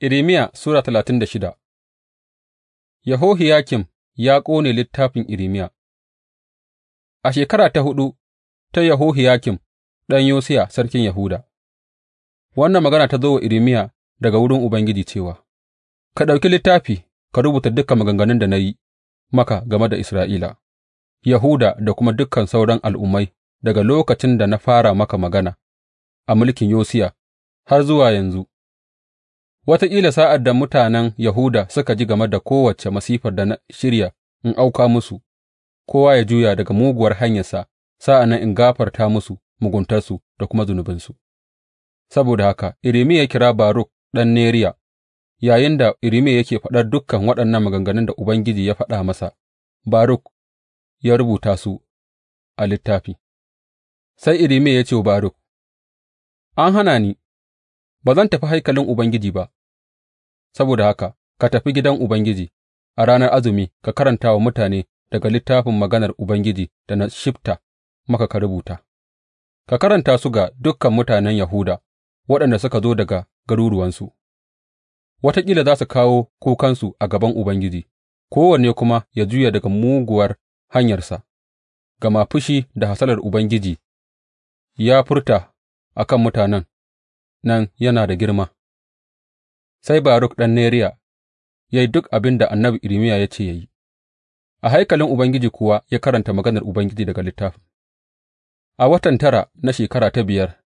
Irmiya Sura talatin da shida Yahohiyakim ya ƙone littafin Irmiya A shekara ta hudu ta Yahohiyakim ɗan Yosiya sarkin Yahuda, wannan magana ta zo wa Irmiya daga wurin Ubangiji cewa, Ka ɗauki littafi ka rubuta dukkan maganganun da na yi maka game da Isra'ila, Yahuda da kuma dukan sauran al'ummai daga lokacin da na fara maka magana a mulkin Yosiya har zuwa yanzu. Wataƙila sa'ad da mutanen Yahuda suka ji game da kowace masifar da na shirya in auka musu, kowa ya juya daga muguwar hanyarsa, sa'an nan in gafarta musu muguntarsu da kuma zunubinsu. Saboda haka Irmiya ya kira Baruk ɗan Neriya yayinda Irmiya yake faɗar dukkan waɗannan maganganun da Ubangiji ya faɗa masa, Baruk ya rubuta su a littafi. Sai Irmiya ya ce wa Baruk, An hana ni, ba zan tafi haikalin Ubangiji ba. Saboda haka ka tafi gidan Ubangiji a ranar azumi ka karanta wa mutane daga littafin maganar Ubangiji da na shifta maka ka rubuta, ka karanta su ga dukan mutanen Yahuda waɗanda suka zo daga garuruwansu, wataƙila za su kawo kukansu a gaban Ubangiji, kowanne kuma ya juya daga muguwar hanyarsa, gama fushi da hasalar Ubangiji ya furta a kan mutanen nan yana da girma. sai Baruk ɗan Neriya ya yi duk abin da annabi Irmiya ya ce ya yi, a haikalin Ubangiji kuwa ya karanta maganar Ubangiji daga littafin. A watan tara na shekara ta biyar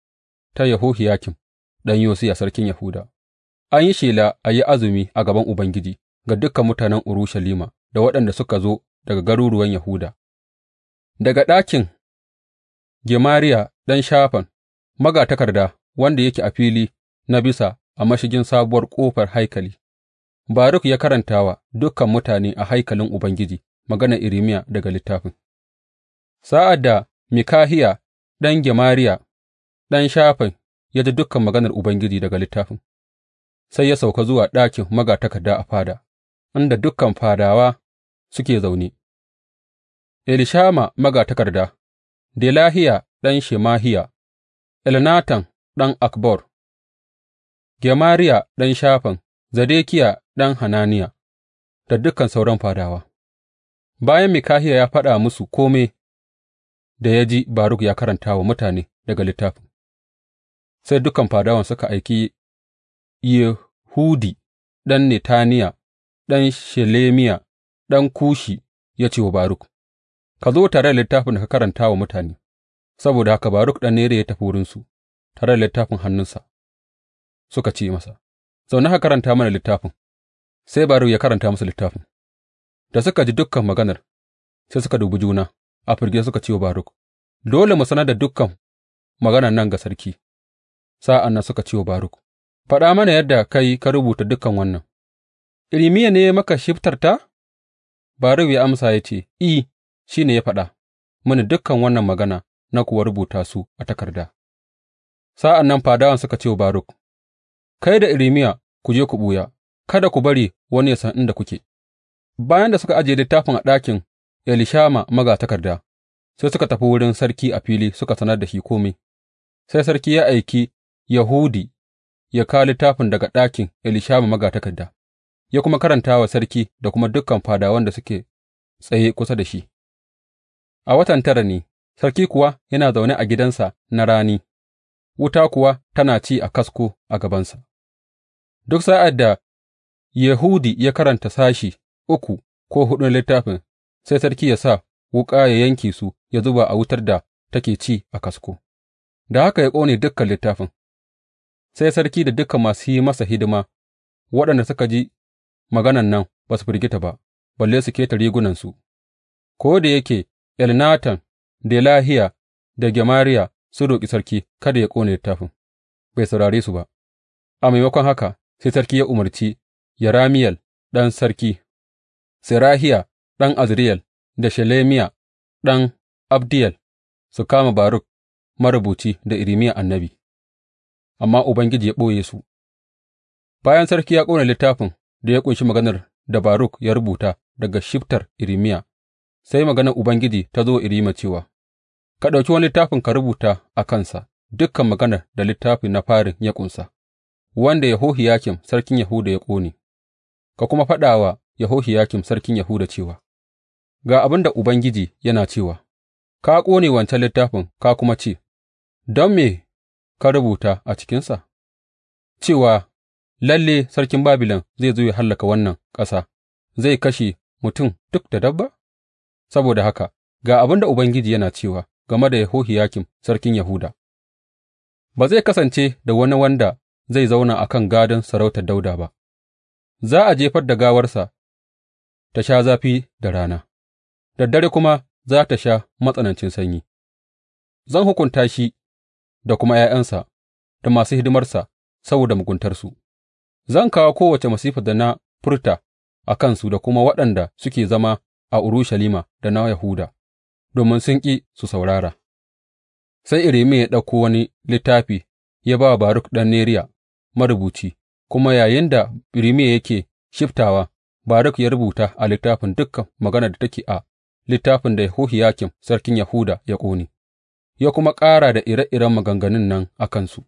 ta Yahohiyakim ɗan Yosiya sarkin Yahuda, an yi shela a yi azumi a gaban Ubangiji ga dukan mutanen Urushalima da waɗanda suka zo daga garuruwan Yahuda. Daga ɗakin Gemariya ɗan Shafan, magatakarda wanda yake a fili na bisa a mashigin sabuwar ƙofar haikali, Baruk ya karanta wa dukan mutane a haikalin Ubangiji maganar Irimiya daga littafin. Sa'ad da Mikahiya ɗan Gemariya, ɗan Shafan, ya ji dukan maganar Ubangiji daga littafin, sai ya sauka zuwa ɗakin magatakarda a fada, inda dukan fadawa suke zaune. Elishama magatakarda, Delahiya ɗan Shemahiya, Elnatan ɗan Akbor, Gemariya ɗan Shafan, Zedekiya ɗan Hananiya da dukan sauran fadawa Bayan Mikahiya ya faɗa musu kome da ya ji Baruk ya karanta wa mutane daga littafin, sai dukan fadawan suka aiki Yehudi ɗan Netaniya, ɗan Shelemiya, ɗan Kushi, ya ce wa Baruk, Ka zo tare da littafin da ka karanta wa mutane; saboda haka Baruk ɗan Nere ya tafi wurinsu tare da littafin hannunsa. suka ce masa, Zauna ka karanta mana littafin, sai Baruk ya karanta musu littafin, da suka ji dukan maganar, sai suka dubi juna, a firgice suka ce wa Baruk, Dole mu sanar da dukan maganar nan ga sarki, sa'an nan suka ce wa Baruk, Faɗa mana yadda ka yi ka rubuta dukan wannan, Irimiya ne maka shiftarta? Baruk ya amsa ya ce, I, shi ne ya faɗa mini dukan wannan magana na kuwa rubuta su a takarda. Sa'an nan fadawan suka ce wa Baruk, Kai da Irmiya ku je ku ɓuya, kada ku bari wani ya san inda kuke Bayan da suka ajiye littafin a ɗakin Elishama magatakarda, sai suka tafi wurin sarki a fili suka sanar da shi kome, sai sarki ya aiki Yahudi ya kawo littafin daga ɗakin Elishama magatakarda, ya kuma karanta wa sarki da kuma dukan fadawan da suke tsaye kusa da shi. A watan tara ne, sarki kuwa yana zaune a gidansa na rani, wuta kuwa tana ci a kasko a gabansa. Duk sa'ad da Yahudi ya karanta sashi uku ko huɗu na littafin, sai sarki ya sa wuƙa ya yanke su ya zuba a wutar da take ci a kasko, da haka ya ƙone dukan littafin, sai sarki da dukan masu yi masa hidima waɗanda suka ji maganan nan ba su firgita ba, balle su keta rigunansu, ko da yake Elnatan, Delahiya da Gemariya sun roƙi sarki kada ya ƙone littafin, bai saurare su ba, a maimakon haka sai sarki ya umarci Yerameyel ɗan sarki, Serahiya ɗan Azriyel da Shelemiya ɗan Abdiyel su kama Baruk marubuci da irimiya annabi, amma Ubangiji ya ɓoye su, bayan sarki ya ƙone littafin da ya ƙunshi maganar da Baruk ya rubuta daga shiftar irimiya sai maganar Ubangiji ta zo irima cewa, Ka ɗauki wani littafin ka rubuta a kansa dukan maganar da littafin na farin ya ƙunsa. wanda Yehohiyakim sarkin Yahuda ya ƙone, ka kuma faɗa wa Yehohiyakim sarkin Yahuda cewa, Ga abin da Ubangiji yana cewa, Ka ƙone wancan littafin ka kuma ce, Don me ka rubuta a cikinsa? Cewa lalle sarkin Babilon zai zo ya hallaka wannan ƙasa, zai kashe mutum duk da dabba? Saboda haka, ga abin da Ubangiji yana cewa game da Yehohiyakim sarkin Yahuda, ba zai kasance da wani wanda zai zauna a kan gadon sarautar Dawuda ba, za a jefar da gawarsa ta sha zafi da rana, da dare kuma za ta sha matsanancin sanyi, zan hukunta shi da kuma ’ya'yansa da masu hidimarsa saboda muguntarsu, zan kawo kowace masifar da na furta a kansu da kuma waɗanda suke zama a Urushalima da na Yahuda, domin sun ƙi su saurara. Sai Irimiya ya ɗauko wani littafi ya ba wa Baruk ɗan Neriya, marubuci, kuma yayinda Irmiya yake shibtawa, Baruk ya rubuta a littafin dukan maganar da take a littafin da Yehohiyakim sarkin Yahuda ya ƙone, ya kuma ƙara da ire iren maganganun nan a kansu.